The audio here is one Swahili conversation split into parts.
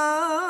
love.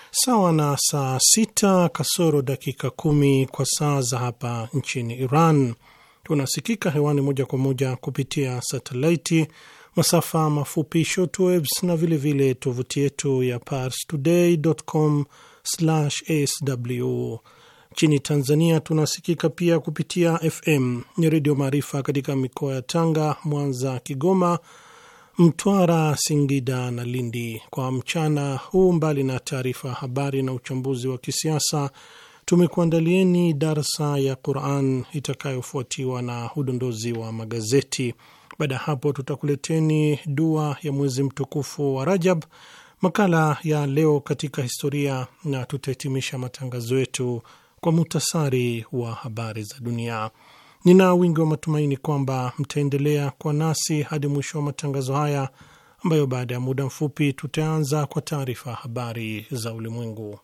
sawa na saa sita kasoro dakika kumi kwa saa za hapa nchini Iran. Tunasikika hewani moja kwa moja kupitia satelaiti, masafa mafupi shortwaves, na vilevile tovuti yetu ya pars com sw Nchini Tanzania tunasikika pia kupitia FM ni Redio Maarifa katika mikoa ya Tanga, Mwanza, Kigoma, Mtwara, Singida na Lindi. Kwa mchana huu, mbali na taarifa ya habari na uchambuzi wa kisiasa, tumekuandalieni darsa ya Quran itakayofuatiwa na udondozi wa magazeti. Baada ya hapo, tutakuleteni dua ya mwezi mtukufu wa Rajab, makala ya leo katika historia, na tutahitimisha matangazo yetu kwa muhtasari wa habari za dunia. Nina wingi wa matumaini kwamba mtaendelea kwa nasi hadi mwisho wa matangazo haya ambayo baada ya muda mfupi tutaanza kwa taarifa habari za ulimwengu.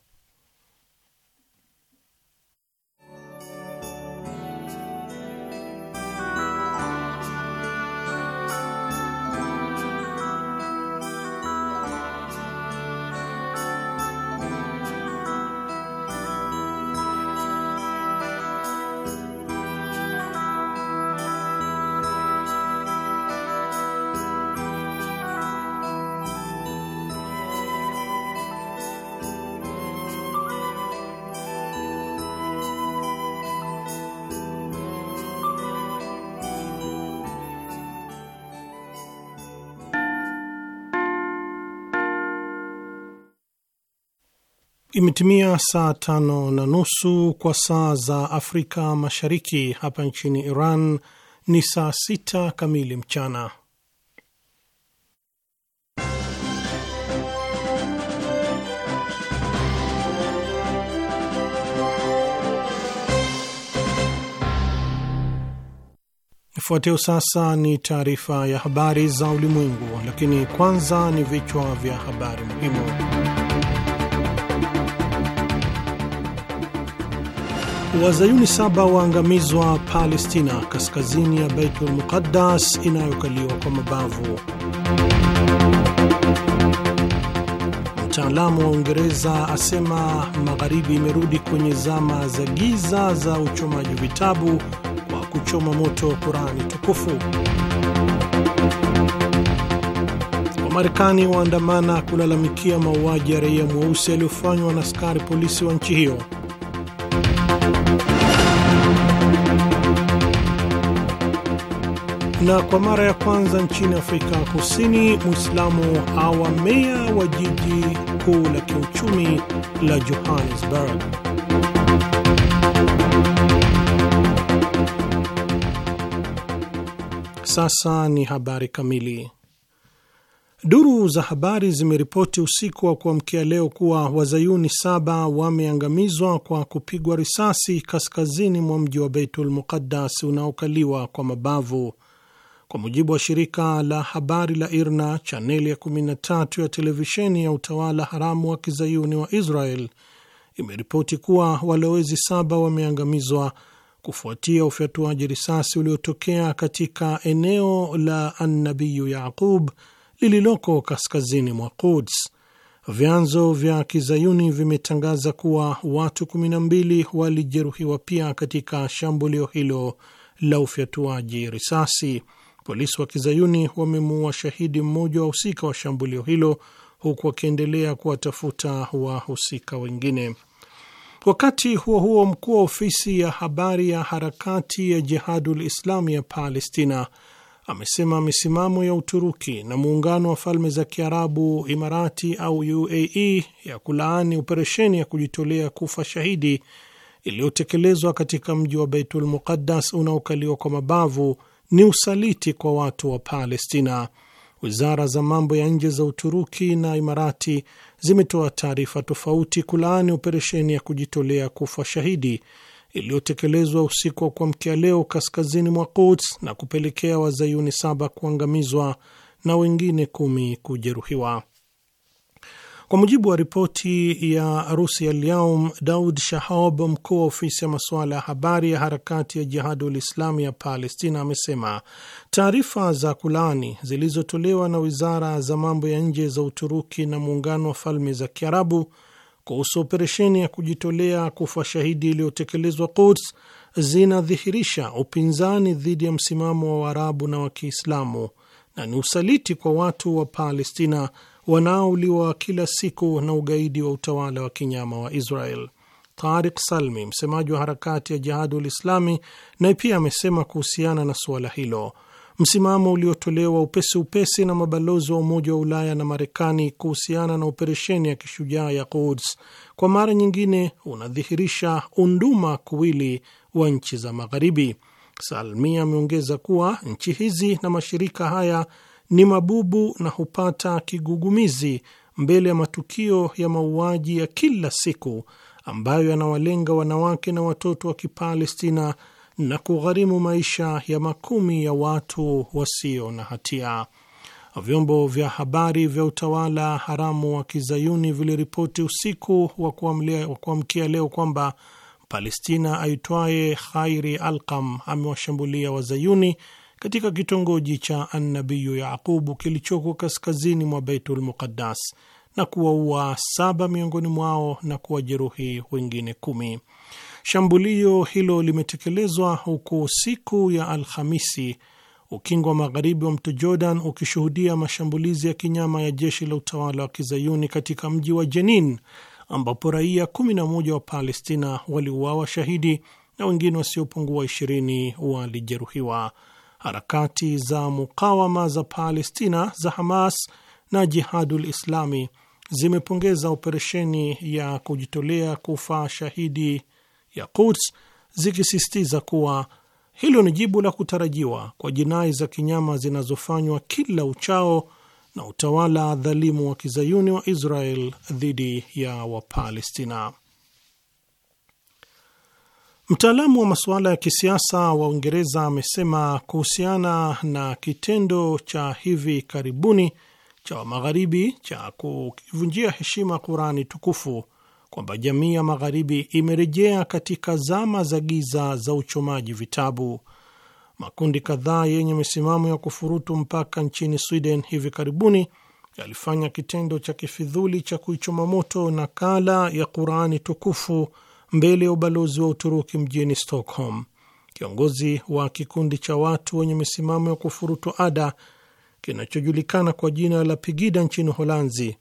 Imetimia saa tano na nusu kwa saa za Afrika Mashariki. Hapa nchini Iran ni saa sita kamili mchana. Ifuatio sasa ni taarifa ya habari za ulimwengu, lakini kwanza ni vichwa vya habari muhimu. Wazayuni saba waangamizwa Palestina, kaskazini ya Baitul Muqaddas inayokaliwa kwa mabavu. Mtaalamu wa Uingereza asema Magharibi imerudi kwenye zama za giza za uchomaji vitabu kwa kuchoma moto kurani tukufu. Wamarekani waandamana kulalamikia mauaji ya raia mweusi yaliyofanywa na askari polisi wa nchi hiyo. Na kwa mara ya kwanza nchini Afrika Kusini, Mwislamu awa meya wa jiji kuu la kiuchumi la Johannesburg. Sasa ni habari kamili. Duru za habari zimeripoti usiku wa kuamkia leo kuwa wazayuni saba wameangamizwa kwa kupigwa risasi kaskazini mwa mji wa Beitul Muqaddas unaokaliwa kwa mabavu kwa mujibu wa shirika la habari la IRNA, chaneli ya 13 ya televisheni ya utawala haramu wa kizayuni wa Israel imeripoti kuwa walowezi saba wameangamizwa kufuatia ufyatuaji risasi uliotokea katika eneo la Annabiyu Yaqub lililoko kaskazini mwa Quds. Vyanzo vya kizayuni vimetangaza kuwa watu 12 walijeruhiwa pia katika shambulio hilo la ufyatuaji risasi. Polisi wa kizayuni wamemuua shahidi mmoja wa husika wa shambulio hilo huku wakiendelea kuwatafuta wahusika wengine. Wakati huo huo, mkuu wa ofisi ya habari ya harakati ya Jihadul Islami ya Palestina amesema misimamo ya Uturuki na muungano wa falme za Kiarabu, Imarati au UAE, ya kulaani operesheni ya kujitolea kufa shahidi iliyotekelezwa katika mji wa Baitul Muqaddas unaokaliwa kwa mabavu ni usaliti kwa watu wa Palestina. Wizara za mambo ya nje za Uturuki na Imarati zimetoa taarifa tofauti kulaani operesheni ya kujitolea kufa shahidi iliyotekelezwa usiku wa kuamkia leo kaskazini mwa Quds na kupelekea wazayuni saba kuangamizwa na wengine kumi kujeruhiwa. Kwa mujibu wa ripoti ya rusi Alyaum, Daud Shahab, mkuu wa ofisi ya masuala ya habari ya harakati ya Jihadul Islami ya Palestina, amesema taarifa za kulani zilizotolewa na wizara za mambo ya nje za Uturuki na Muungano wa Falme za Kiarabu kuhusu operesheni ya kujitolea kufa shahidi iliyotekelezwa Quds zinadhihirisha upinzani dhidi ya msimamo wa Waarabu na wa Kiislamu na ni usaliti kwa watu wa Palestina wanaouliwa kila siku na ugaidi wa utawala wa kinyama wa Israel. Tariq Salmi, msemaji wa harakati ya Jihadul Islami, naye pia amesema kuhusiana na suala hilo, msimamo uliotolewa upesi upesi na mabalozi wa Umoja wa Ulaya na Marekani kuhusiana na operesheni ya kishujaa ya Quds kwa mara nyingine unadhihirisha unduma kuwili wa nchi za Magharibi. Salmi ameongeza kuwa nchi hizi na mashirika haya ni mabubu na hupata kigugumizi mbele ya matukio ya mauaji ya kila siku ambayo yanawalenga wanawake na watoto wa Kipalestina na kugharimu maisha ya makumi ya watu wasio na hatia. Vyombo vya habari vya utawala haramu wa kizayuni viliripoti usiku wa kuamkia leo kwamba Palestina aitwaye Khairi alkam amewashambulia wazayuni katika kitongoji cha Annabiyu Yaqubu kilichoko kaskazini mwa Baitul Muqaddas na kuwaua saba miongoni mwao na kuwajeruhi wengine kumi. Shambulio hilo limetekelezwa huku siku ya Alhamisi ukingo wa magharibi wa mto Jordan ukishuhudia mashambulizi ya kinyama ya jeshi la utawala wa kizayuni katika mji wa Jenin ambapo raia 11 wa Palestina waliuawa shahidi na wengine wasiopungua wa 20 walijeruhiwa harakati za mukawama za Palestina za Hamas na Jihadul Islami zimepongeza operesheni ya kujitolea kufa shahidi ya Quds zikisisitiza kuwa hilo ni jibu la kutarajiwa kwa jinai za kinyama zinazofanywa kila uchao na utawala dhalimu wa kizayuni wa Israel dhidi ya Wapalestina. Mtaalamu wa masuala ya kisiasa wa Uingereza amesema kuhusiana na kitendo cha hivi karibuni cha magharibi cha kuvunjia heshima Kurani tukufu kwamba jamii ya Magharibi imerejea katika zama za giza za uchomaji vitabu. Makundi kadhaa yenye misimamo ya kufurutu mpaka nchini Sweden hivi karibuni yalifanya kitendo cha kifidhuli cha kuichoma moto nakala ya qurani tukufu mbele ya ubalozi wa Uturuki mjini Stockholm. Kiongozi wa kikundi cha watu wenye misimamo ya kufurutu ada kinachojulikana kwa jina la pigida nchini Holanzi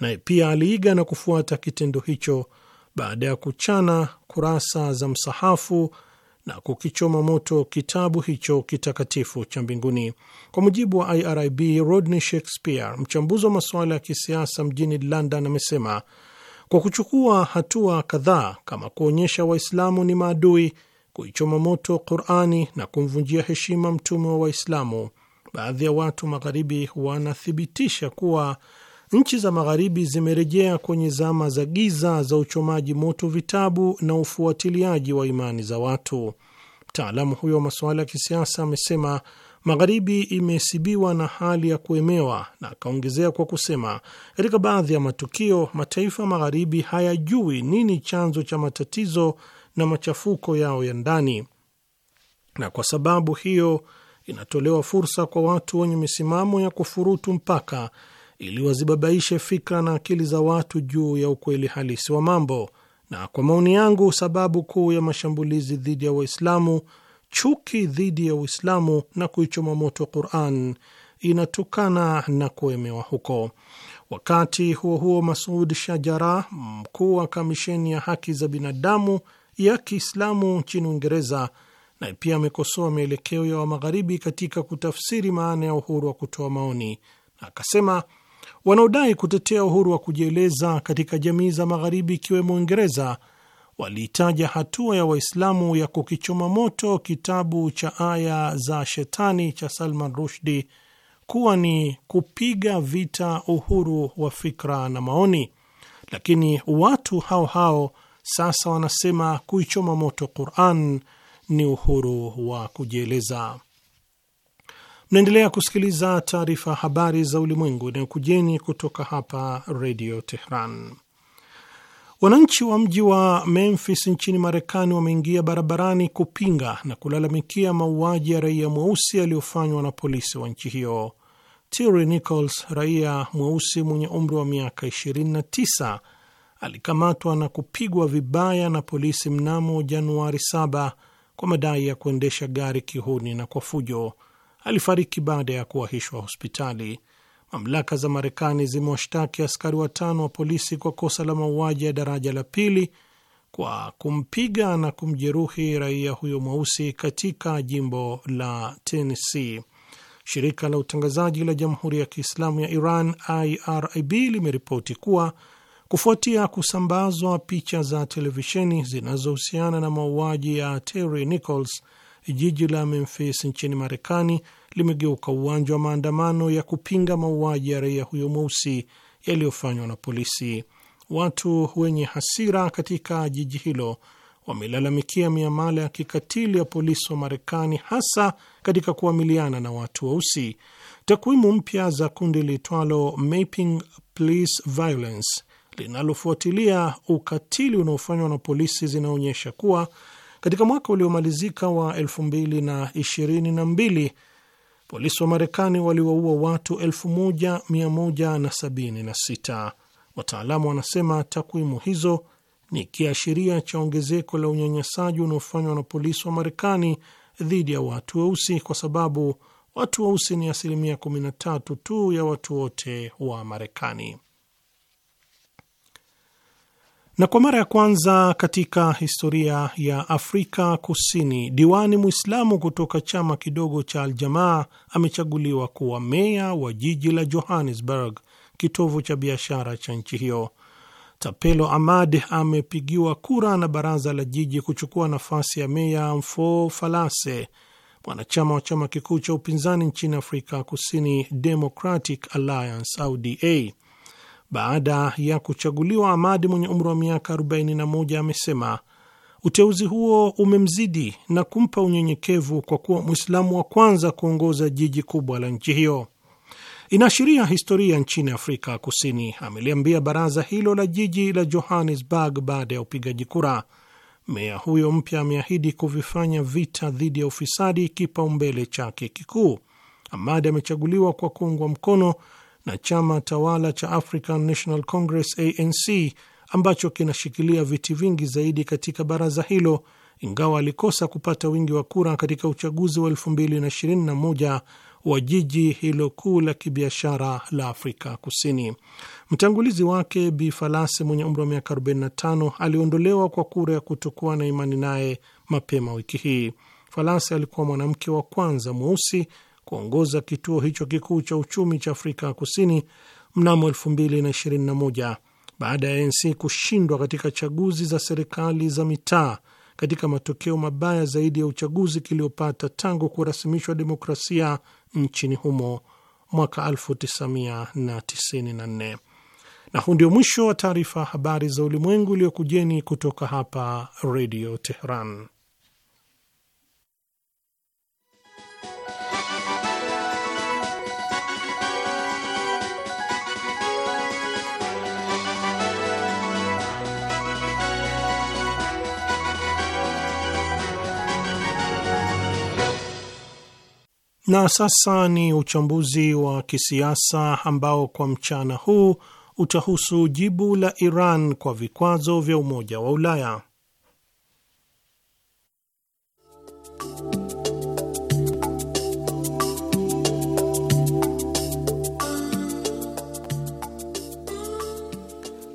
naye pia aliiga na kufuata kitendo hicho baada ya kuchana kurasa za msahafu na kukichoma moto kitabu hicho kitakatifu cha mbinguni. Kwa mujibu wa IRIB, Rodney Shakespeare, mchambuzi wa masuala ya kisiasa mjini London, amesema kwa kuchukua hatua kadhaa kama kuonyesha Waislamu ni maadui, kuichoma moto Qurani na kumvunjia heshima mtume wa Waislamu. Baadhi ya watu magharibi wanathibitisha kuwa nchi za magharibi zimerejea kwenye zama za giza za uchomaji moto vitabu na ufuatiliaji wa imani za watu. Mtaalamu huyo wa masuala ya kisiasa amesema Magharibi imesibiwa na hali ya kuemewa, na akaongezea kwa kusema, katika baadhi ya matukio mataifa magharibi hayajui nini chanzo cha matatizo na machafuko yao ya ndani, na kwa sababu hiyo inatolewa fursa kwa watu wenye misimamo ya kufurutu mpaka ili wazibabaishe fikra na akili za watu juu ya ukweli halisi wa mambo. Na kwa maoni yangu, sababu kuu ya mashambulizi dhidi ya Waislamu chuki dhidi ya Uislamu na kuichoma moto Quran inatokana na kuemewa huko. Wakati huo huo, Masud Shajara, mkuu wa kamisheni ya haki za binadamu ya Kiislamu nchini Uingereza, naye pia amekosoa mielekeo ya Wamagharibi katika kutafsiri maana ya uhuru wa kutoa maoni, na akasema wanaodai kutetea uhuru wa kujieleza katika jamii za Magharibi, ikiwemo Uingereza, waliitaja hatua ya Waislamu ya kukichoma moto kitabu cha Aya za Shetani cha Salman Rushdi kuwa ni kupiga vita uhuru wa fikra na maoni, lakini watu hao hao sasa wanasema kuichoma moto Quran ni uhuru wa kujieleza. Mnaendelea kusikiliza taarifa habari za ulimwengu inayokujeni kutoka hapa Redio Tehran. Wananchi wa mji wa Memphis nchini Marekani wameingia barabarani kupinga na kulalamikia mauaji ya raia mweusi yaliyofanywa na polisi wa nchi hiyo. Terry Nichols, raia mweusi mwenye umri wa miaka 29, alikamatwa na kupigwa vibaya na polisi mnamo Januari 7 kwa madai ya kuendesha gari kihuni na kwa fujo. Alifariki baada ya kuwahishwa hospitali. Mamlaka za Marekani zimewashtaki askari watano wa polisi kwa kosa la mauaji ya daraja la pili kwa kumpiga na kumjeruhi raia huyo mweusi katika jimbo la Tennessee. Shirika la utangazaji la Jamhuri ya Kiislamu ya Iran IRIB limeripoti kuwa kufuatia kusambazwa picha za televisheni zinazohusiana na mauaji ya Terry Nichols, jiji la Memphis nchini Marekani limegeuka uwanja wa maandamano ya kupinga mauaji ya raia huyo mweusi yaliyofanywa na polisi. Watu wenye hasira katika jiji hilo wamelalamikia miamala ya kikatili ya polisi wa Marekani, hasa katika kuamiliana na watu weusi. Takwimu mpya za kundi liitwalo Mapping Police Violence linalofuatilia ukatili unaofanywa na polisi zinaonyesha kuwa katika mwaka uliomalizika wa 2022 polisi wa Marekani waliwaua watu 1176. Wataalamu wanasema takwimu hizo ni kiashiria cha ongezeko la unyanyasaji unaofanywa na polisi wa Marekani dhidi ya watu weusi, kwa sababu watu weusi ni asilimia 13 tu ya watu wote wa Marekani. Na kwa mara ya kwanza katika historia ya Afrika Kusini, diwani Mwislamu kutoka chama kidogo cha Aljamaa amechaguliwa kuwa meya wa jiji la Johannesburg, kitovu cha biashara cha nchi hiyo. Tapelo Amad amepigiwa kura na baraza la jiji kuchukua nafasi ya meya Mfo Falase, mwanachama wa chama kikuu cha upinzani nchini Afrika Kusini, Democratic Alliance au DA baada ya kuchaguliwa, Amadi mwenye umri wa miaka 41 amesema uteuzi huo umemzidi na kumpa unyenyekevu kwa kuwa Mwislamu wa kwanza kuongoza jiji kubwa la nchi hiyo. Inaashiria historia nchini Afrika Kusini, ameliambia baraza hilo la jiji la Johannesburg baada ya upigaji kura. Meya huyo mpya ameahidi kuvifanya vita dhidi ya ufisadi kipaumbele chake kikuu. Amadi amechaguliwa kwa kuungwa mkono na chama tawala cha African National Congress ANC ambacho kinashikilia viti vingi zaidi katika baraza hilo, ingawa alikosa kupata wingi wa kura katika uchaguzi wa 2021 wa jiji hilo kuu la kibiashara la Afrika Kusini. Mtangulizi wake Bi Falase mwenye umri wa miaka 45 aliondolewa kwa kura ya kutokuwa na imani naye mapema wiki hii. Falase alikuwa mwanamke wa kwanza mweusi kuongoza kituo hicho kikuu cha uchumi cha Afrika ya Kusini mnamo 2021 baada ya ANC kushindwa katika chaguzi za serikali za mitaa katika matokeo mabaya zaidi ya uchaguzi kiliyopata tangu kurasimishwa demokrasia nchini humo mwaka 1994. Na huu ndio mwisho wa taarifa ya habari za ulimwengu iliyokujeni kutoka hapa Redio tehran Na sasa ni uchambuzi wa kisiasa ambao kwa mchana huu utahusu jibu la Iran kwa vikwazo vya Umoja wa Ulaya.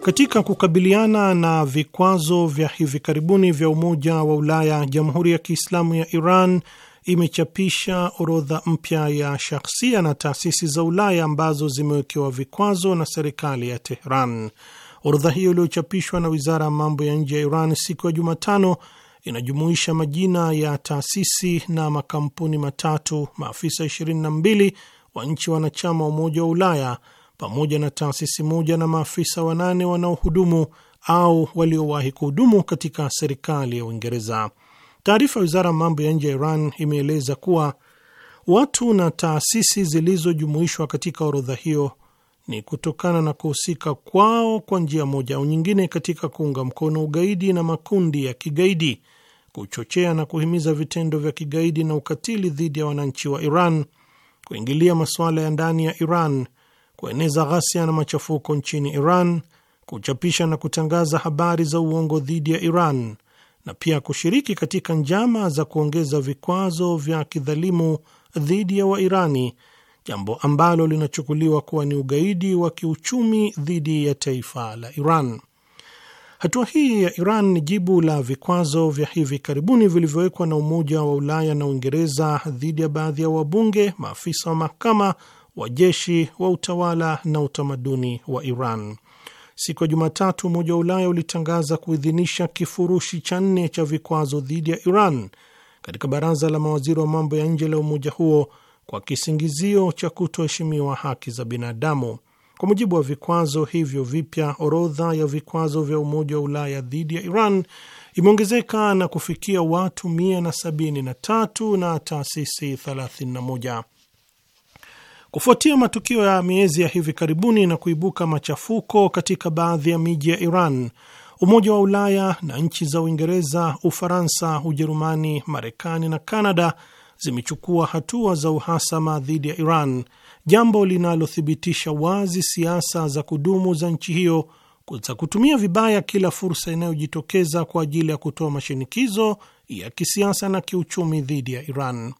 Katika kukabiliana na vikwazo vya hivi karibuni vya Umoja wa Ulaya, Jamhuri ya Kiislamu ya Iran imechapisha orodha mpya ya shahsia na taasisi za Ulaya ambazo zimewekewa vikwazo na serikali ya Tehran. Orodha hiyo iliyochapishwa na wizara ya mambo ya nje ya Iran siku ya Jumatano inajumuisha majina ya taasisi na makampuni matatu, maafisa 22 wa nchi wanachama wa Umoja wa Ulaya pamoja na taasisi moja na maafisa wanane wanaohudumu au waliowahi kuhudumu katika serikali ya Uingereza. Taarifa ya wizara ya mambo ya nje ya Iran imeeleza kuwa watu na taasisi zilizojumuishwa katika orodha hiyo ni kutokana na kuhusika kwao kwa njia moja au nyingine katika kuunga mkono ugaidi na makundi ya kigaidi, kuchochea na kuhimiza vitendo vya kigaidi na ukatili dhidi ya wananchi wa Iran, kuingilia masuala ya ndani ya Iran, kueneza ghasia na machafuko nchini Iran, kuchapisha na kutangaza habari za uongo dhidi ya Iran, na pia kushiriki katika njama za kuongeza vikwazo vya kidhalimu dhidi ya Wairani, jambo ambalo linachukuliwa kuwa ni ugaidi wa kiuchumi dhidi ya taifa la Iran. Hatua hii ya Iran ni jibu la vikwazo vya hivi karibuni vilivyowekwa na Umoja wa Ulaya na Uingereza dhidi ya baadhi ya wabunge, maafisa wa mahakama, wa jeshi, wa utawala na utamaduni wa Iran. Siku ya Jumatatu, Umoja wa Ulaya ulitangaza kuidhinisha kifurushi cha nne cha vikwazo dhidi ya Iran katika baraza la mawaziri wa mambo ya nje la umoja huo kwa kisingizio cha kutoheshimiwa haki za binadamu. Kwa mujibu wa vikwazo hivyo vipya, orodha ya vikwazo vya Umoja wa Ulaya dhidi ya Iran imeongezeka na kufikia watu 173 na taasisi 31. Kufuatia matukio ya miezi ya hivi karibuni na kuibuka machafuko katika baadhi ya miji ya Iran, Umoja wa Ulaya na nchi za Uingereza, Ufaransa, Ujerumani, Marekani na Kanada zimechukua hatua za uhasama dhidi ya Iran, jambo linalothibitisha wazi siasa za kudumu za nchi hiyo za kutumia vibaya kila fursa inayojitokeza kwa ajili ya kutoa mashinikizo ya kisiasa na kiuchumi dhidi ya Iran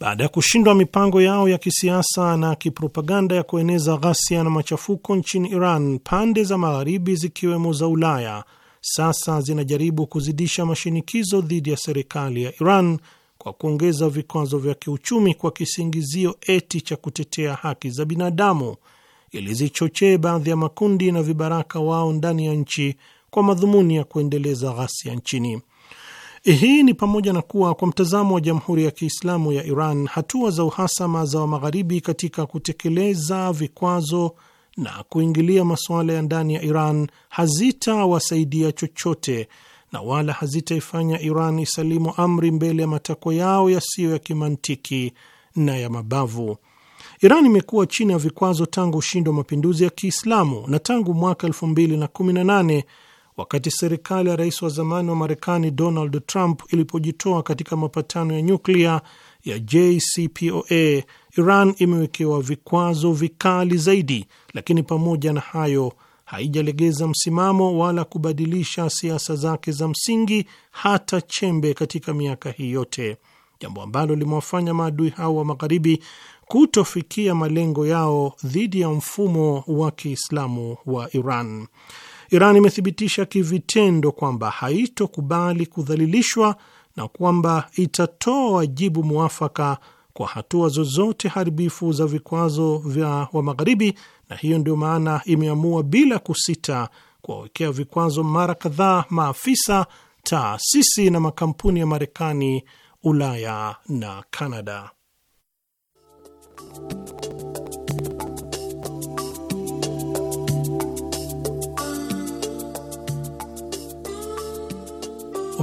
baada ya kushindwa mipango yao ya kisiasa na kipropaganda ya kueneza ghasia na machafuko nchini Iran, pande za magharibi zikiwemo za Ulaya sasa zinajaribu kuzidisha mashinikizo dhidi ya serikali ya Iran kwa kuongeza vikwazo vya kiuchumi kwa kisingizio eti cha kutetea haki za binadamu ili zichochee baadhi ya makundi na vibaraka wao ndani ya nchi kwa madhumuni ya kuendeleza ghasia nchini. Hii ni pamoja na kuwa kwa mtazamo wa Jamhuri ya Kiislamu ya Iran, hatua za uhasama za wa Magharibi katika kutekeleza vikwazo na kuingilia masuala ya ndani ya Iran hazitawasaidia chochote na wala hazitaifanya Iran isalimu amri mbele ya matakwa yao yasiyo ya kimantiki na ya mabavu. Iran imekuwa chini ya vikwazo tangu ushindi wa mapinduzi ya Kiislamu na tangu mwaka 2018 wakati serikali ya rais wa zamani wa Marekani Donald Trump ilipojitoa katika mapatano ya nyuklia ya JCPOA, Iran imewekewa vikwazo vikali zaidi, lakini pamoja na hayo haijalegeza msimamo wala kubadilisha siasa zake za msingi hata chembe katika miaka hii yote, jambo ambalo limewafanya maadui hao wa magharibi kutofikia malengo yao dhidi ya mfumo wa Kiislamu wa Iran. Iran imethibitisha kivitendo kwamba haitokubali kudhalilishwa na kwamba itatoa jibu mwafaka kwa hatua zozote haribifu za vikwazo vya wa Magharibi, na hiyo ndio maana imeamua bila kusita kuwawekea vikwazo mara kadhaa maafisa, taasisi na makampuni ya Marekani, Ulaya na Kanada.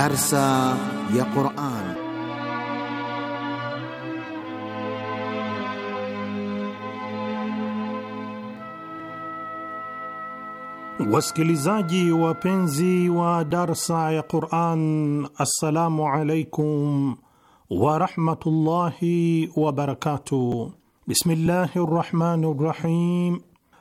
Darsa ya Quran. Wasikilizaji wapenzi wa darsa ya Quran, assalamu alaikum warahmatullahi wabarakatuh. Bismillahi rahmani rahim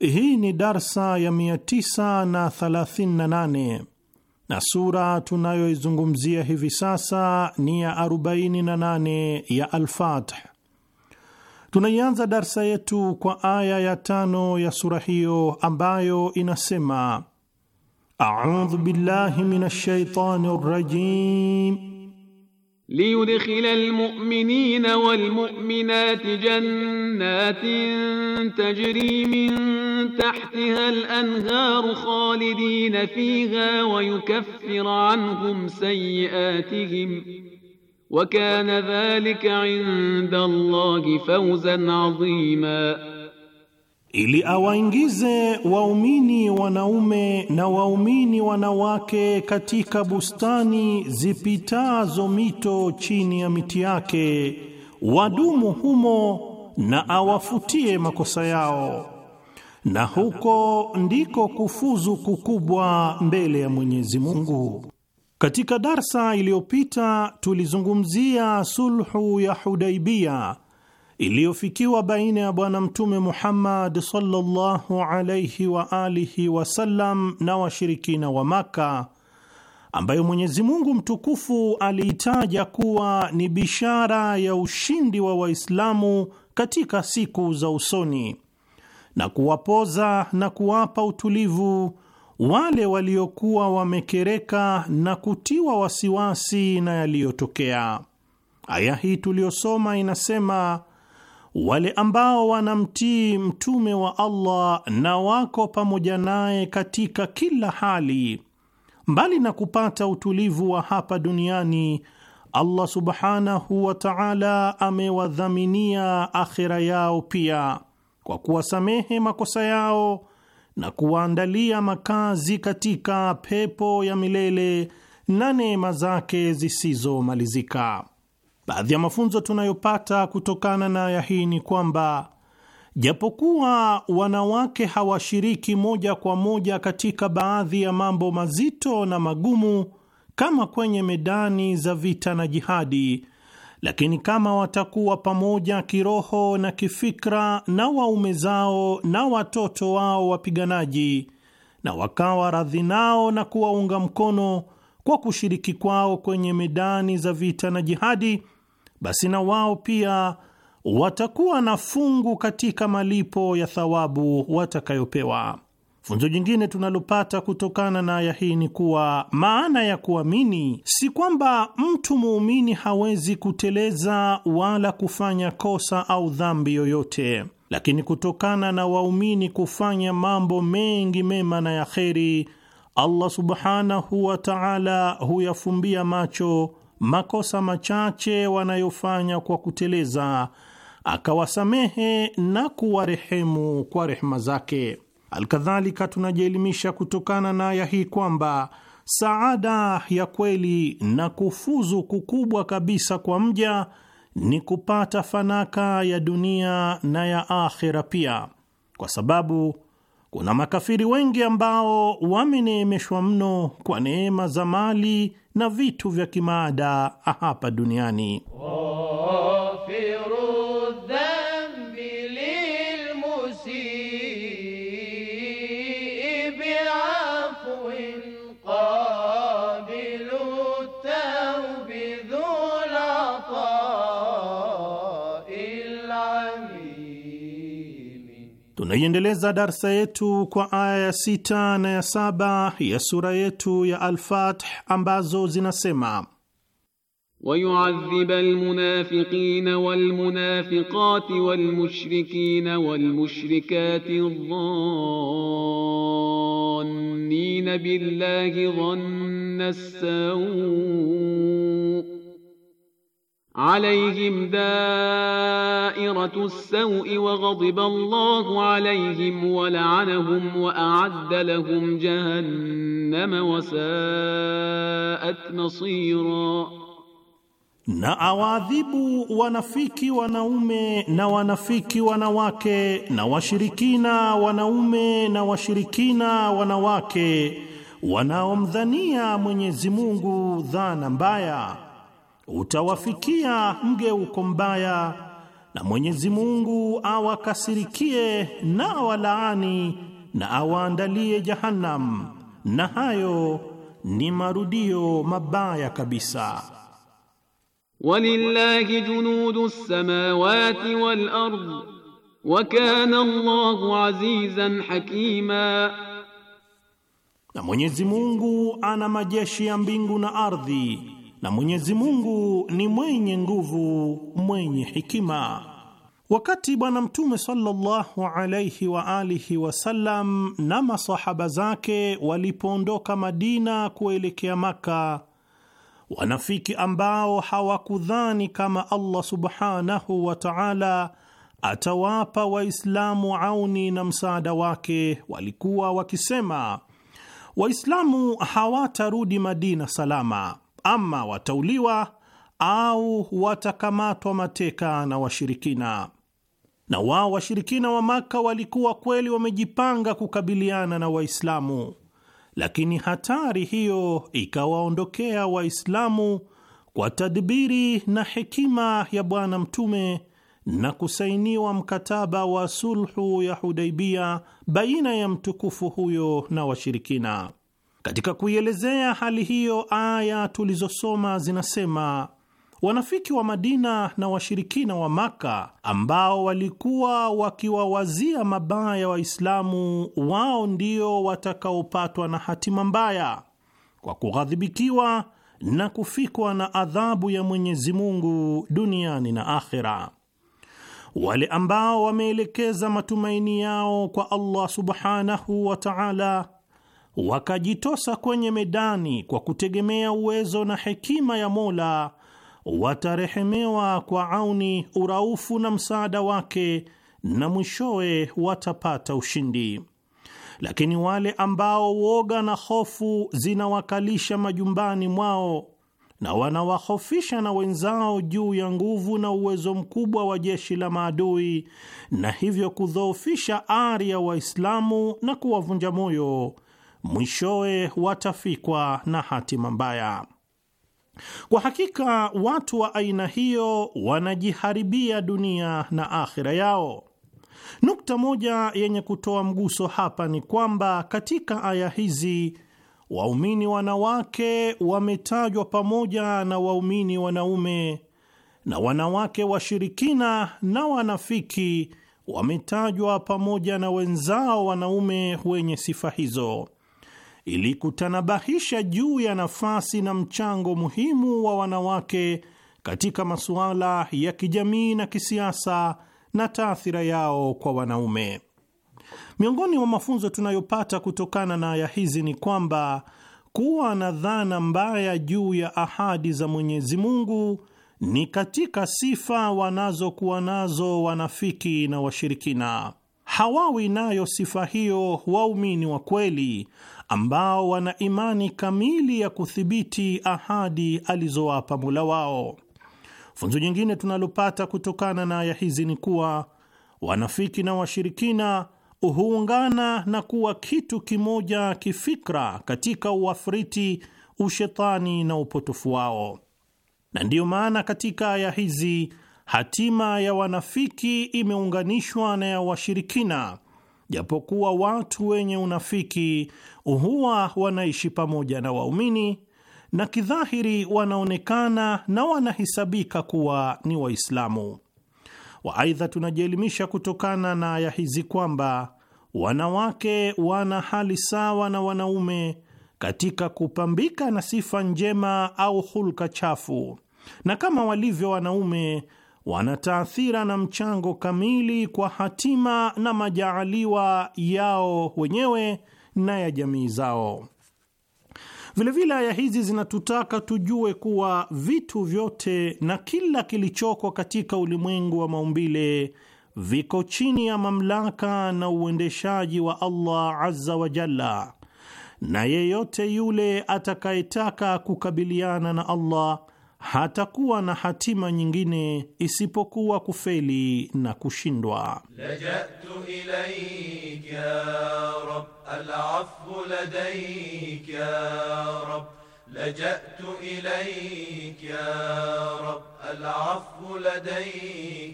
Hii ni darsa ya 938 na sura tunayoizungumzia hivi sasa ni ya 48 ya alfath Tunaianza darsa yetu kwa aya ya tano ya sura hiyo ambayo inasema, a'udhu billahi minash shaitani rajim ليدخل المؤمنين والمؤمنات جنات تجري من تحتها الانهار خالدين فيها ويكفر عنهم سيئاتهم وكان ذلك عند الله فوزا عظيما ili awaingize waumini wanaume na waumini wanawake katika bustani zipitazo mito chini ya miti yake, wadumu humo na awafutie makosa yao, na huko ndiko kufuzu kukubwa mbele ya Mwenyezi Mungu. Katika darsa iliyopita tulizungumzia sulhu ya Hudaibia iliyofikiwa baina ya Bwana Mtume Muhammad sallallahu alaihi wa alihi wasallam na washirikina wa Maka, ambayo Mwenyezi Mungu mtukufu aliitaja kuwa ni bishara ya ushindi wa Waislamu katika siku za usoni na kuwapoza na kuwapa utulivu wale waliokuwa wamekereka na kutiwa wasiwasi na yaliyotokea. Aya hii tuliyosoma inasema wale ambao wanamtii mtume wa Allah na wako pamoja naye katika kila hali, mbali na kupata utulivu wa hapa duniani, Allah subhanahu wa ta'ala amewadhaminia akhira yao pia kwa kuwasamehe makosa yao na kuwaandalia makazi katika pepo ya milele na neema zake zisizomalizika. Baadhi ya mafunzo tunayopata kutokana na aya hii ni kwamba japokuwa wanawake hawashiriki moja kwa moja katika baadhi ya mambo mazito na magumu kama kwenye medani za vita na jihadi, lakini kama watakuwa pamoja kiroho na kifikra na waume zao na watoto wao wapiganaji, na wakawa radhi nao na kuwaunga mkono kwa kushiriki kwao kwenye medani za vita na jihadi basi na wao pia watakuwa na fungu katika malipo ya thawabu watakayopewa. Funzo jingine tunalopata kutokana na aya hii ni kuwa maana ya kuamini si kwamba mtu muumini hawezi kuteleza wala kufanya kosa au dhambi yoyote, lakini kutokana na waumini kufanya mambo mengi mema na ya kheri, Allah subhanahu wa ta'ala huyafumbia macho makosa machache wanayofanya kwa kuteleza, akawasamehe na kuwarehemu kwa rehema zake. Alkadhalika, tunajielimisha kutokana na aya hii kwamba saada ya kweli na kufuzu kukubwa kabisa kwa mja ni kupata fanaka ya dunia na ya akhera pia, kwa sababu kuna makafiri wengi ambao wameneemeshwa mno kwa neema za mali na vitu vya kimaada hapa duniani. Oh, Tunaiendeleza darsa yetu kwa aya ya sita na ya saba ya sura yetu ya al ambazo zinasema wayuadhiba almunafiqina walmunafiqati walmushrikina walmushrikati dhannina billahi dhanna as-sawu alayhim dairatu sawi wa ghadiba Allahu alayhim wa la'anahum wa a'adda lahum jahannama wa sa'at masira, na awaadhibu wanafiki wanaume na wanafiki wanawake na washirikina wanaume na washirikina wanawake wanaomdhania Mwenyezi Mungu dhana mbaya utawafikia mgeuko mbaya, na Mwenyezi Mungu awakasirikie na awalaani na awaandalie Jahannam, na hayo ni marudio mabaya kabisa. Walillahi junudu samawati wal ard wa kana Allahu azizan hakima, na Mwenyezi Mungu ana majeshi ya mbingu na ardhi na Mwenyezi Mungu ni mwenye nguvu, mwenye hikima. Wakati Bwana Mtume sallallahu alayhi wa alihi wasallam na masahaba zake walipoondoka Madina kuelekea Maka, wanafiki ambao hawakudhani kama Allah subhanahu wa ta'ala atawapa Waislamu auni na msaada wake, walikuwa wakisema Waislamu hawatarudi Madina salama ama watauliwa au watakamatwa mateka na washirikina. Na wao washirikina wa Maka walikuwa kweli wamejipanga kukabiliana na Waislamu, lakini hatari hiyo ikawaondokea Waislamu kwa tadbiri na hekima ya Bwana Mtume na kusainiwa mkataba wa sulhu ya Hudaibia baina ya mtukufu huyo na washirikina. Katika kuielezea hali hiyo, aya tulizosoma zinasema wanafiki wa Madina na washirikina wa Maka ambao walikuwa wakiwawazia mabaya Waislamu, wao ndio watakaopatwa na hatima mbaya kwa kughadhibikiwa na kufikwa na adhabu ya Mwenyezi Mungu duniani na akhera. Wale ambao wameelekeza matumaini yao kwa Allah subhanahu wa ta'ala wakajitosa kwenye medani kwa kutegemea uwezo na hekima ya Mola, watarehemewa kwa auni, uraufu na msaada wake, na mwishowe watapata ushindi. Lakini wale ambao woga na hofu zinawakalisha majumbani mwao na wanawahofisha na wenzao juu ya nguvu na uwezo mkubwa wa jeshi la maadui, na hivyo kudhoofisha ari ya Waislamu na kuwavunja moyo mwishowe watafikwa na hatima mbaya. Kwa hakika watu wa aina hiyo wanajiharibia dunia na akhira yao. Nukta moja yenye kutoa mguso hapa ni kwamba katika aya hizi waumini wanawake wametajwa pamoja na waumini wanaume na wanawake washirikina na wanafiki wametajwa pamoja na wenzao wanaume wenye sifa hizo ili kutanabahisha juu ya nafasi na mchango muhimu wa wanawake katika masuala ya kijamii na kisiasa na taathira yao kwa wanaume. Miongoni mwa mafunzo tunayopata kutokana na aya hizi ni kwamba kuwa na dhana mbaya juu ya ahadi za Mwenyezi Mungu ni katika sifa wanazokuwa nazo wanafiki na washirikina. Hawawi nayo sifa hiyo waumini wa kweli ambao wana imani kamili ya kuthibiti ahadi alizowapa mula wao. Funzo jingine tunalopata kutokana na aya hizi ni kuwa wanafiki na washirikina huungana na kuwa kitu kimoja kifikra katika uafriti, ushetani na upotofu wao, na ndiyo maana katika aya hizi hatima ya wanafiki imeunganishwa na ya washirikina japokuwa watu wenye unafiki huwa wanaishi pamoja na waumini na kidhahiri wanaonekana na wanahisabika kuwa ni Waislamu. Waaidha, tunajielimisha kutokana na aya hizi kwamba wanawake wana hali sawa na wanaume katika kupambika na sifa njema au hulka chafu, na kama walivyo wanaume wanataathira na mchango kamili kwa hatima na majaaliwa yao wenyewe na ya jamii zao. Vilevile aya hizi zinatutaka tujue kuwa vitu vyote na kila kilichoko katika ulimwengu wa maumbile viko chini ya mamlaka na uendeshaji wa Allah azza wa jalla, na yeyote yule atakayetaka kukabiliana na Allah hatakuwa na hatima nyingine isipokuwa kufeli na kushindwa. Lajatu ya Rab, al-afu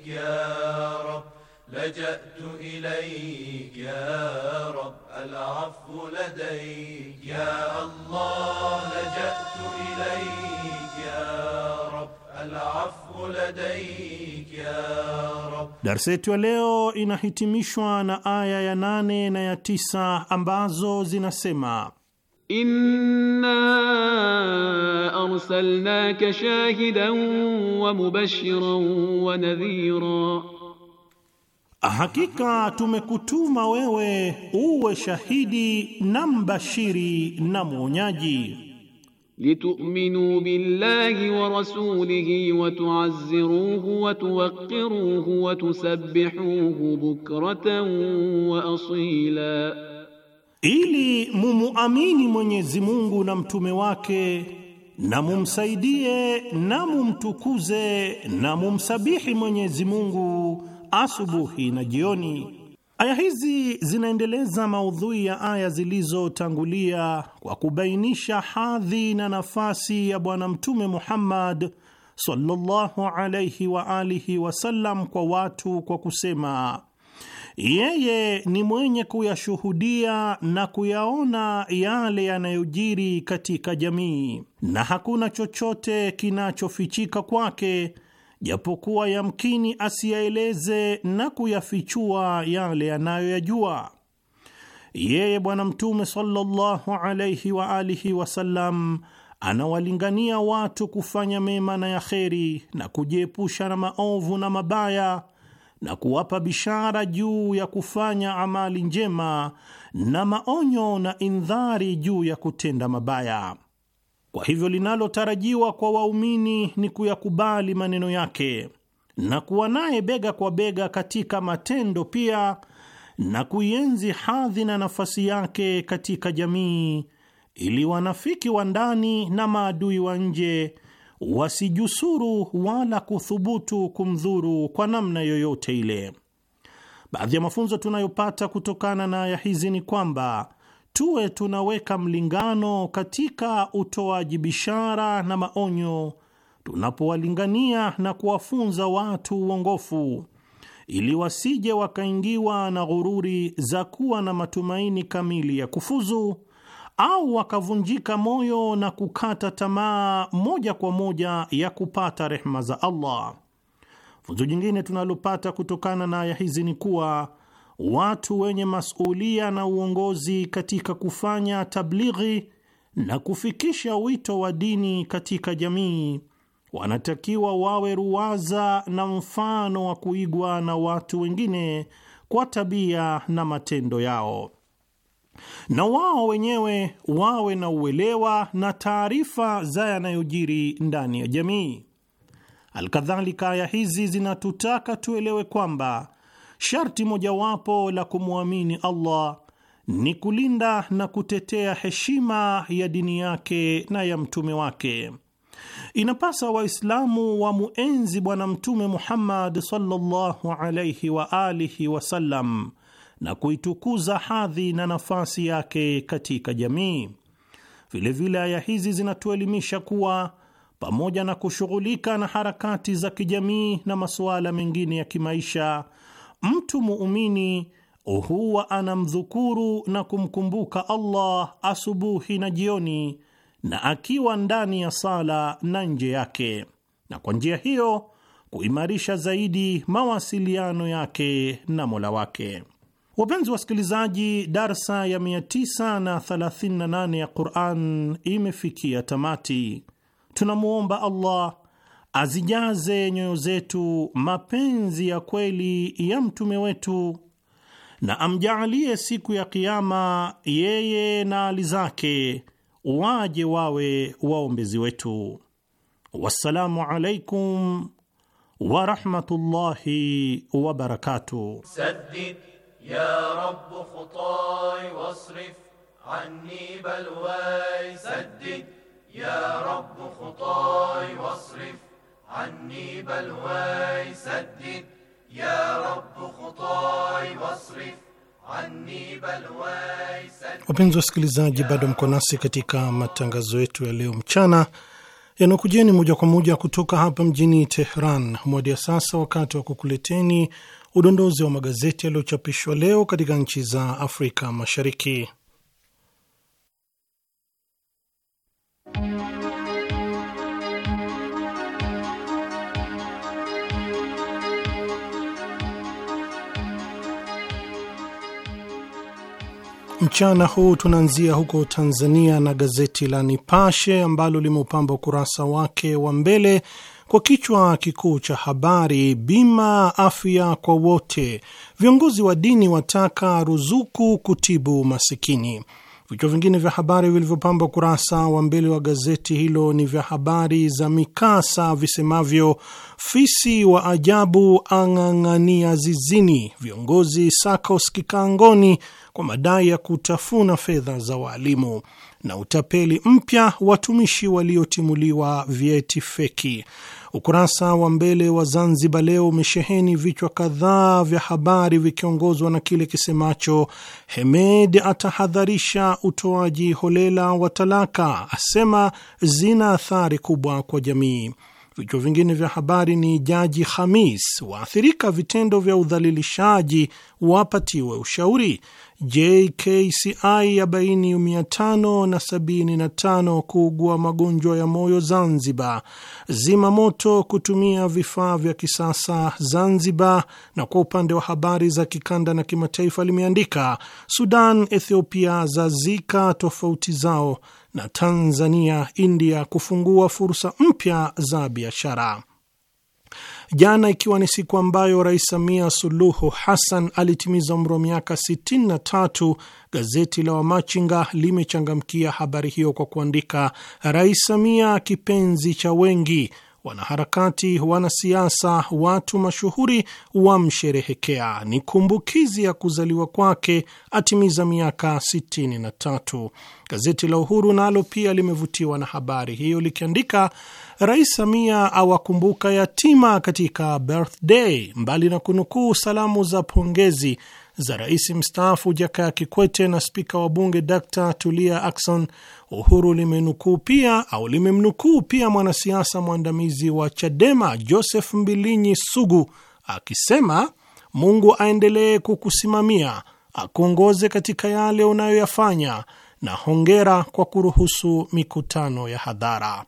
ya Rab لجأت إليك يا رب العفو لديك يا الله لجأت إليك يا رب العفو لديك يا رب Darsa yetu ya leo inahitimishwa na aya ya nane na ya tisa ambazo zinasema Inna arsalnaka shahidan wa mubashiran wa nadhira Hakika tumekutuma wewe uwe shahidi na mbashiri na mwonyaji. Litu'minu billahi wa rasulihi wa tu'azziruhu wa tuwaqqiruhu wa tusabbihuhu bukratan wa asila, ili mumuamini Mwenyezi Mungu na mtume wake na mumsaidie na mumtukuze na mumsabihi Mwenyezi Mungu asubuhi na jioni. Aya hizi zinaendeleza maudhui ya aya zilizotangulia kwa kubainisha hadhi na nafasi ya Bwana Mtume Muhammad sallallahu alayhi wa alihi wasallam kwa watu kwa kusema yeye ni mwenye kuyashuhudia na kuyaona yale yanayojiri katika jamii na hakuna chochote kinachofichika kwake japokuwa yamkini asiyaeleze na kuyafichua yale yanayoyajua yeye. Bwana Mtume sallallahu alaihi wa alihi wasallam anawalingania watu kufanya mema na ya kheri na kujiepusha na maovu na mabaya na kuwapa bishara juu ya kufanya amali njema na maonyo na indhari juu ya kutenda mabaya. Kwa hivyo linalotarajiwa kwa waumini ni kuyakubali maneno yake na kuwa naye bega kwa bega katika matendo pia, na kuienzi hadhi na nafasi yake katika jamii, ili wanafiki wa ndani na maadui wa nje wasijusuru wala kuthubutu kumdhuru kwa namna yoyote ile. Baadhi ya mafunzo tunayopata kutokana na aya hizi ni kwamba tuwe tunaweka mlingano katika utoaji bishara na maonyo tunapowalingania na kuwafunza watu uongofu ili wasije wakaingiwa na ghururi za kuwa na matumaini kamili ya kufuzu au wakavunjika moyo na kukata tamaa moja kwa moja ya kupata rehma za Allah. Funzo jingine tunalopata kutokana na aya hizi ni kuwa watu wenye masuulia na uongozi katika kufanya tablighi na kufikisha wito wa dini katika jamii wanatakiwa wawe ruwaza na mfano wa kuigwa na watu wengine kwa tabia na matendo yao, na wao wenyewe wawe na uelewa na taarifa za yanayojiri ndani ya jamii. Alkadhalika, aya hizi zinatutaka tuelewe kwamba Sharti mojawapo la kumwamini Allah ni kulinda na kutetea heshima ya dini yake na ya mtume wake. Inapasa Waislamu wamuenzi Bwana Mtume Muhammad sallallahu wa alihi wasallam na kuitukuza hadhi na nafasi yake katika jamii. Vilevile aya hizi zinatuelimisha kuwa pamoja na kushughulika na harakati za kijamii na masuala mengine ya kimaisha mtu muumini huwa anamdhukuru na kumkumbuka Allah asubuhi na jioni, na akiwa ndani ya sala na nje yake, na kwa njia hiyo kuimarisha zaidi mawasiliano yake na Mola wake. Wapenzi wasikilizaji, darsa ya 938 ya Qur'an imefikia tamati. Tunamwomba Allah azijaze nyoyo zetu mapenzi ya kweli ya mtume wetu na amjaalie siku ya Kiama yeye na ali zake waje wawe waombezi wetu. Wassalamu alaikum warahmatullahi wabarakatuh. ya Rabb khutai wasrif anni balwai. Saddid ya Rabb khutai wasrif عني بلواي سدد يا رب خطاي واصرف Wapenzi wasikilizaji, bado mko nasi katika matangazo yetu ya leo mchana yanaokujeni moja kwa moja kutoka hapa mjini Tehran. Mwadia sasa wakati wa kukuleteni udondozi wa magazeti yaliyochapishwa leo katika nchi za Afrika Mashariki. Mchana huu tunaanzia huko Tanzania na gazeti la Nipashe ambalo limeupamba ukurasa wake wa mbele kwa kichwa kikuu cha habari, bima afya kwa wote, viongozi wa dini wataka ruzuku kutibu masikini. Vichwa vingine vya habari vilivyopamba ukurasa wa mbele wa gazeti hilo ni vya habari za mikasa visemavyo: fisi wa ajabu ang'ang'ania zizini, viongozi SACCOS kikangoni kwa madai ya kutafuna fedha za waalimu na utapeli mpya, watumishi waliotimuliwa vyeti feki. Ukurasa wa mbele wa Zanzibar Leo umesheheni vichwa kadhaa vya habari vikiongozwa na kile kisemacho Hemed atahadharisha utoaji holela wa talaka, asema zina athari kubwa kwa jamii. Vichwa vingine vya habari ni Jaji Khamis, waathirika vitendo vya udhalilishaji wapatiwe ushauri, JKCI yabaini 575 kuugua magonjwa ya moyo Zanzibar. Zima moto kutumia vifaa vya kisasa Zanzibar. Na kwa upande wa habari za kikanda na kimataifa limeandika Sudan, Ethiopia zazika tofauti zao na Tanzania, India kufungua fursa mpya za biashara. Jana ikiwa ni siku ambayo Rais Samia Suluhu Hassan alitimiza umri wa miaka 63, gazeti la Wamachinga limechangamkia habari hiyo kwa kuandika, Rais Samia kipenzi cha wengi, wanaharakati, wanasiasa, watu mashuhuri wamsherehekea, ni kumbukizi ya kuzaliwa kwake, atimiza miaka 63. Gazeti la Uhuru nalo na pia limevutiwa na habari hiyo likiandika Rais Samia awakumbuka yatima katika birthday, mbali na kunukuu salamu za pongezi za rais mstaafu Jakaya Kikwete na spika wa bunge Dkt Tulia Akson, Uhuru limenukuu pia au limemnukuu pia mwanasiasa mwandamizi wa CHADEMA Joseph Mbilinyi Sugu akisema, Mungu aendelee kukusimamia, akuongoze katika yale unayoyafanya na hongera kwa kuruhusu mikutano ya hadhara.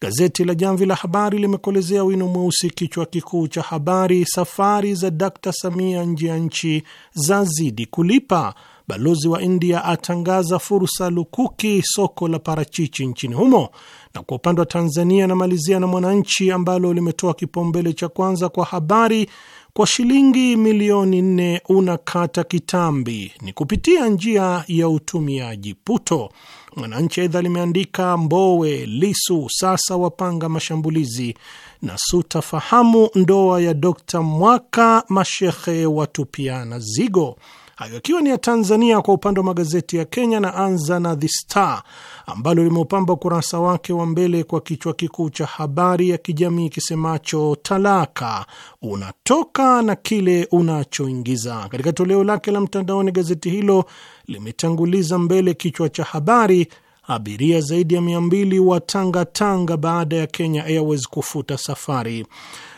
Gazeti la Jamvi la Habari limekolezea wino mweusi kichwa kikuu cha habari, safari za Dkt Samia nje ya nchi zazidi kulipa, balozi wa India atangaza fursa lukuki soko la parachichi nchini humo. Na kwa upande wa Tanzania, namalizia na Mwananchi ambalo limetoa kipaumbele cha kwanza kwa habari kwa shilingi milioni nne unakata kitambi, ni kupitia njia ya utumiaji puto. Mwananchi aidha limeandika Mbowe Lisu sasa wapanga mashambulizi na sutafahamu ndoa ya Dkt Mwaka, mashehe watupiana zigo Hayo akiwa ni ya Tanzania. Kwa upande wa magazeti ya Kenya, na anza na The Star ambalo limeupamba ukurasa wake wa mbele kwa kichwa kikuu cha habari ya kijamii kisemacho talaka, unatoka na kile unachoingiza. Katika toleo lake la mtandaoni, gazeti hilo limetanguliza mbele kichwa cha habari abiria zaidi ya mia mbili watangatanga baada ya Kenya Airways kufuta safari.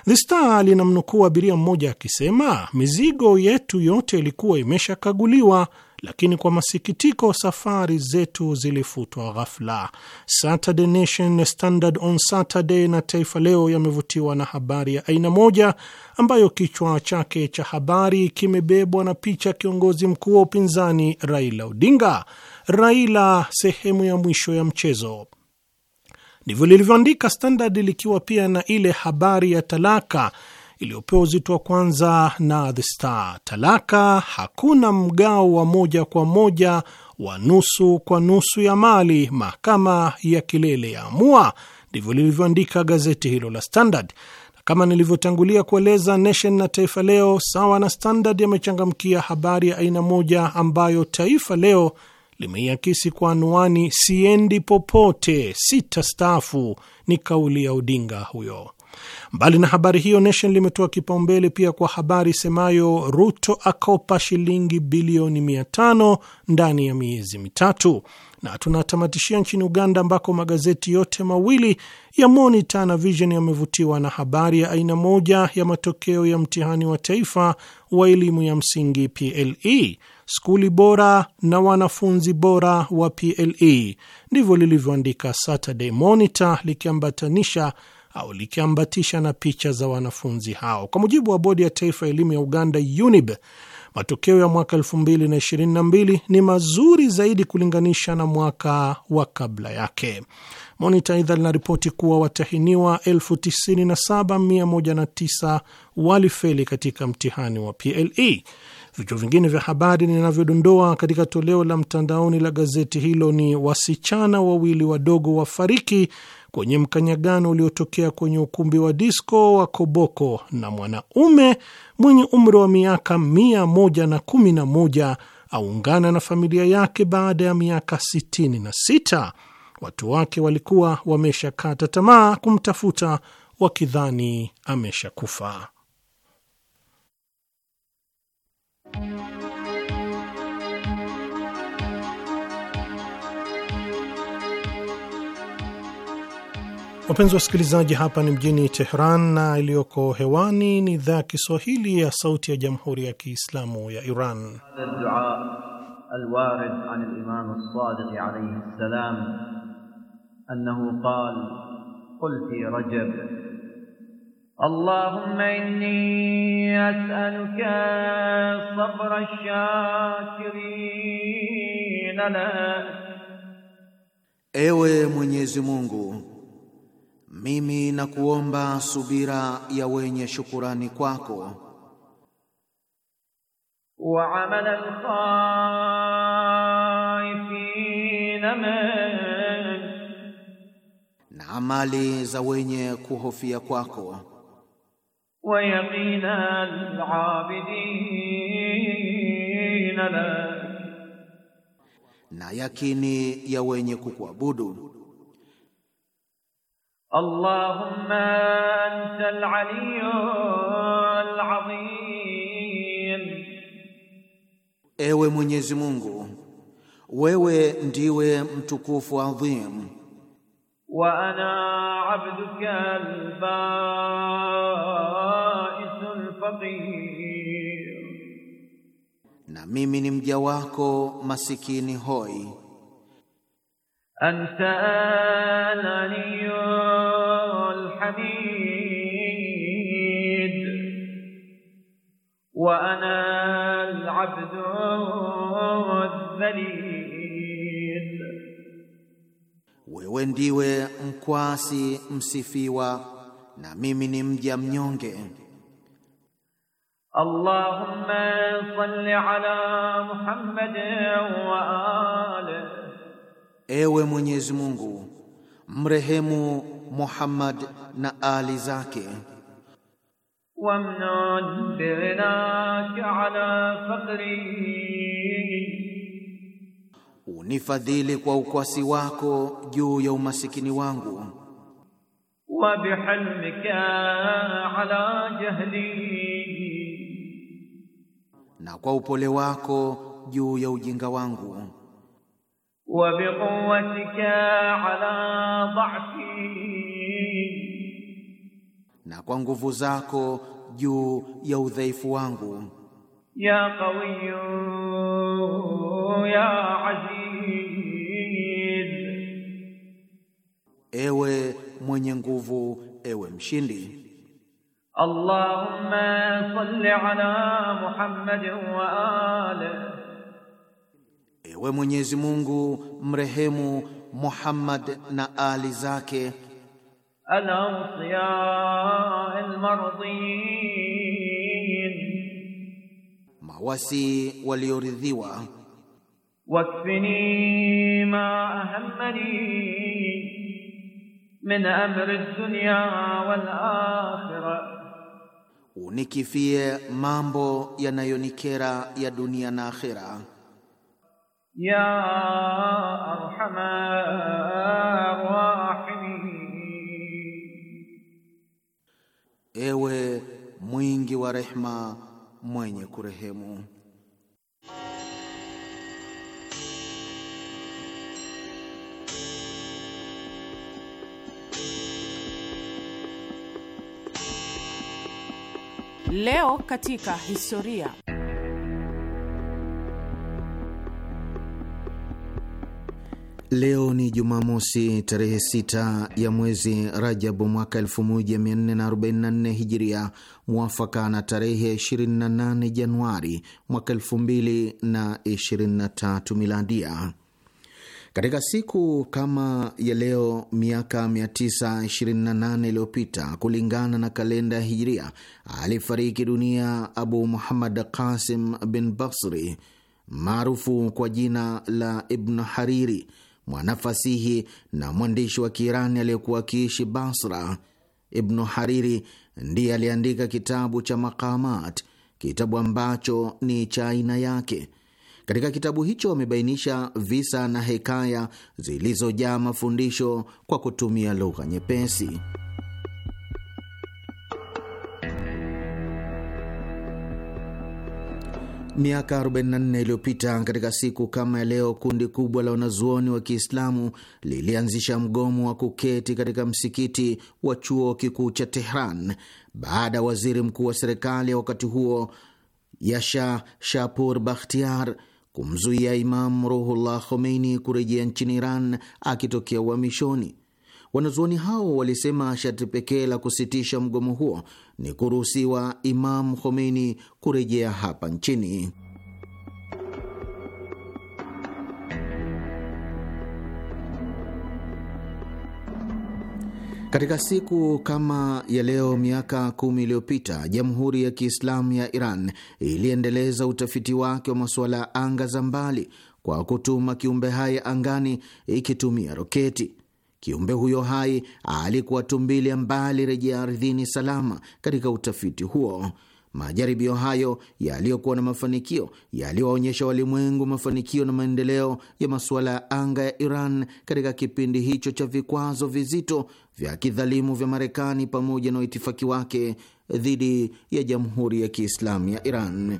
The Star linamnukuu abiria mmoja akisema mizigo yetu yote ilikuwa imeshakaguliwa, lakini kwa masikitiko safari zetu zilifutwa ghafla. Saturday Nation, Standard on Saturday na Taifa Leo yamevutiwa na habari ya aina moja ambayo kichwa chake cha habari kimebebwa na picha kiongozi mkuu wa upinzani Raila Odinga. Raila sehemu ya mwisho ya mchezo. Ndivyo lilivyoandika Standard likiwa pia na ile habari ya talaka iliyopewa uzito wa kwanza na The Star. Talaka hakuna mgao wa moja kwa moja wa nusu kwa nusu ya mali, mahakama ya kilele ya amua. Ndivyo lilivyoandika gazeti hilo la Standard. Na kama nilivyotangulia kueleza, Nation na Taifa Leo sawa na Standard yamechangamkia habari ya aina moja ambayo Taifa Leo limeiakisi kwa anwani siendi popote, sitastaafu, ni kauli ya Odinga huyo. Mbali na habari hiyo, Nation limetoa kipaumbele pia kwa habari semayo Ruto akopa shilingi bilioni mia tano ndani ya miezi mitatu. Na tunatamatishia nchini Uganda, ambako magazeti yote mawili ya Monitor na Vision yamevutiwa na habari ya aina moja ya matokeo ya mtihani wa taifa wa elimu ya msingi PLE skuli bora na wanafunzi bora wa PLE. Ndivyo lilivyoandika Saturday Monitor likiambatanisha au likiambatisha na picha za wanafunzi hao. Kwa mujibu wa bodi ya taifa ya elimu ya Uganda, UNIB, matokeo ya mwaka 2022 ni mazuri zaidi kulinganisha na mwaka wa kabla yake. Monita aidha linaripoti kuwa watahiniwa 97109 walifeli katika mtihani wa PLE. Vichwa vingine vya habari ninavyodondoa katika toleo la mtandaoni la gazeti hilo ni wasichana wawili wadogo wafariki kwenye mkanyagano uliotokea kwenye ukumbi wa disko wa Koboko, na mwanaume mwenye umri wa miaka mia moja na kumi na moja aungana na familia yake baada ya miaka sitini na sita. Watu wake walikuwa wameshakata tamaa kumtafuta wakidhani ameshakufa. Wapenzi wa wasikilizaji, hapa ni mjini Tehran na iliyoko hewani ni idhaa ya Kiswahili ya Sauti ya Jamhuri ya Kiislamu ya Iran. الوارد عن الإمام الصادق عليه السلام أنه قال قل في رجب اللهم إني أسألك صبر الشاكرين لك Ewe Mwenyezi Mungu, mimi nakuomba subira ya wenye shukurani kwako, wa amal alkhaifina na amali za wenye kuhofia kwako ويقينا العابدين لا na yakini ya wenye kukuabudu. اللهم antal العلي العظيم ewe Mwenyezi Mungu, wewe ndiwe mtukufu adhim وأنا عبدك البائس الفقير na mimi ni mja wako masikini hoi أنت الغني الحميد وأنا العبد الذليل wewe ndiwe mkwasi msifiwa, na mimi ni mja mnyonge. Allahumma salli ala Muhammad wa ali, ewe Mwenyezi Mungu mrehemu Muhammad na ali zake. Wamnun bina ala faqri nifadhili kwa ukwasi wako juu ya umasikini wangu, wa bihalmika ala jahli, na kwa upole wako juu ya ujinga wangu, wa biquwwatika ala dha'fi, na kwa nguvu zako juu ya udhaifu wangu, ya qawiyyu ya aziz ewe mwenye nguvu, ewe mshindi. Allahumma salli ala Muhammad wa ali, ewe Mwenyezi Mungu mrehemu Muhammad na ali zake. al almardhin, mawasi walioridhiwa. Wakfini ma ahammani min amri dunya wal akhirah, unikifie mambo yanayonikera ya dunia na akhira. Ya arhamar rahimin, ewe mwingi wa rehma mwenye kurehemu. Leo katika historia. Leo ni Jumamosi tarehe 6 ya mwezi Rajabu mwaka 1444 Hijiria, mwafaka na tarehe 28 Januari mwaka 2023 Miladia. Katika siku kama ya leo miaka 928 iliyopita kulingana na kalenda Hijiria, alifariki dunia Abu Muhammad Qasim bin Basri maarufu kwa jina la ibnu Hariri, mwanafasihi na mwandishi wa Kiirani aliyekuwa akiishi Basra. Ibnu Hariri ndiye aliandika kitabu cha Maqamat, kitabu ambacho ni cha aina yake. Katika kitabu hicho wamebainisha visa na hekaya zilizojaa mafundisho kwa kutumia lugha nyepesi. Miaka 44 iliyopita katika siku kama ya leo, kundi kubwa la wanazuoni wa Kiislamu lilianzisha mgomo wa kuketi katika msikiti wa chuo kikuu cha Tehran baada ya waziri mkuu wa serikali ya wakati huo Yasha Shapur Bakhtiar kumzuia Imam Ruhullah Khomeini kurejea nchini Iran akitokea uhamishoni. Wanazuoni hao walisema sharti pekee la kusitisha mgomo huo ni kuruhusiwa Imam Khomeini kurejea hapa nchini. Katika siku kama ya leo miaka kumi iliyopita Jamhuri ya Kiislamu ya Iran iliendeleza utafiti wake wa masuala ya anga za mbali kwa kutuma kiumbe hai angani ikitumia roketi. Kiumbe huyo hai alikuwa tumbili ambali rejea ardhini salama. Katika utafiti huo Majaribio hayo yaliyokuwa na mafanikio yaliwaonyesha walimwengu mafanikio na maendeleo ya masuala ya anga ya Iran katika kipindi hicho cha vikwazo vizito vya kidhalimu vya Marekani pamoja na waitifaki uitifaki wake dhidi ya Jamhuri ya Kiislamu ya Iran.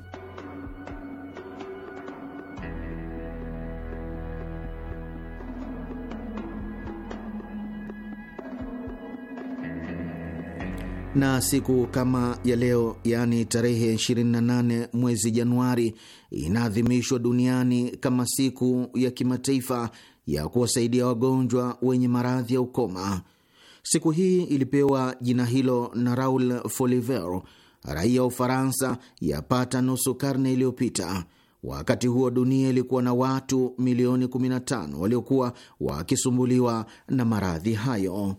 na siku kama ya leo yaani tarehe 28 mwezi Januari inaadhimishwa duniani kama siku ya kimataifa ya kuwasaidia wagonjwa wenye maradhi ya ukoma. Siku hii ilipewa jina hilo na Raul Foliver, raia wa Ufaransa, yapata nusu karne iliyopita. Wakati huo dunia ilikuwa na watu milioni 15 waliokuwa wakisumbuliwa na maradhi hayo.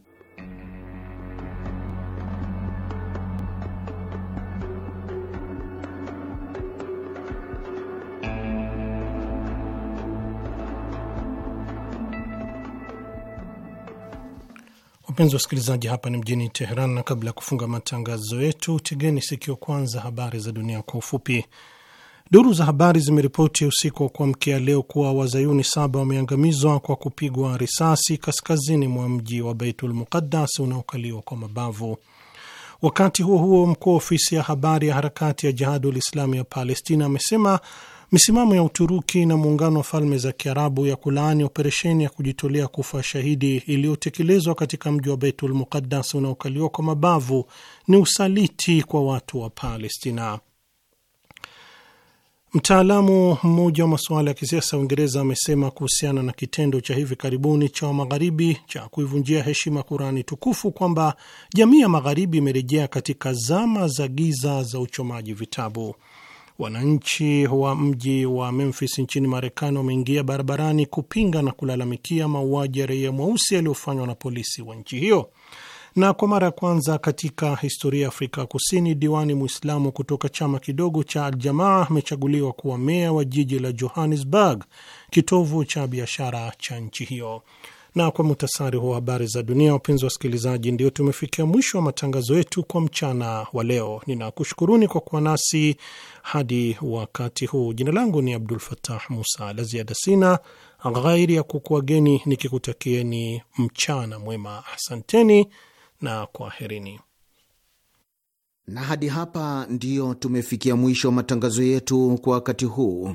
Wapenzi wasikilizaji, hapa ni mjini Teheran, na kabla ya kufunga matangazo yetu, tegeni sikio kwanza habari za dunia kwa ufupi. Duru za habari zimeripoti usiku wa kuamkia leo kuwa wazayuni saba wameangamizwa kwa kupigwa risasi kaskazini mwa mji wa Baitul Muqaddas unaokaliwa kwa mabavu. Wakati huo huo, mkuu wa ofisi ya habari ya harakati ya Jihadul Islami ya Palestina amesema Misimamo ya Uturuki na Muungano wa Falme za Kiarabu ya kulaani operesheni ya kujitolea kufa shahidi iliyotekelezwa katika mji wa Beitul Muqaddas unaokaliwa kwa mabavu ni usaliti kwa watu wa Palestina. Mtaalamu mmoja wa masuala ya kisiasa Uingereza amesema kuhusiana na kitendo cha hivi karibuni cha magharibi cha kuivunjia heshima Kurani tukufu kwamba jamii ya Magharibi imerejea katika zama za giza za uchomaji vitabu. Wananchi wa mji wa Memphis nchini Marekani wameingia barabarani kupinga na kulalamikia mauaji ya raia mweusi yaliyofanywa na polisi wa nchi hiyo. Na kwa mara ya kwanza katika historia ya Afrika Kusini, diwani Mwislamu kutoka chama kidogo cha Aljamaa amechaguliwa kuwa meya wa jiji la Johannesburg, kitovu cha biashara cha nchi hiyo. Na kwa muhtasari wa habari za dunia, wapenzi wa wasikilizaji, ndio tumefikia mwisho wa matangazo yetu kwa mchana wa leo. Ninakushukuruni kwa kuwa nasi hadi wakati huu. Jina langu ni Abdul fatah Musa. La ziada sina ghairi ya kukuageni nikikutakieni mchana mwema. Asanteni na kwaherini. Na hadi hapa ndio tumefikia mwisho wa matangazo yetu kwa wakati huu.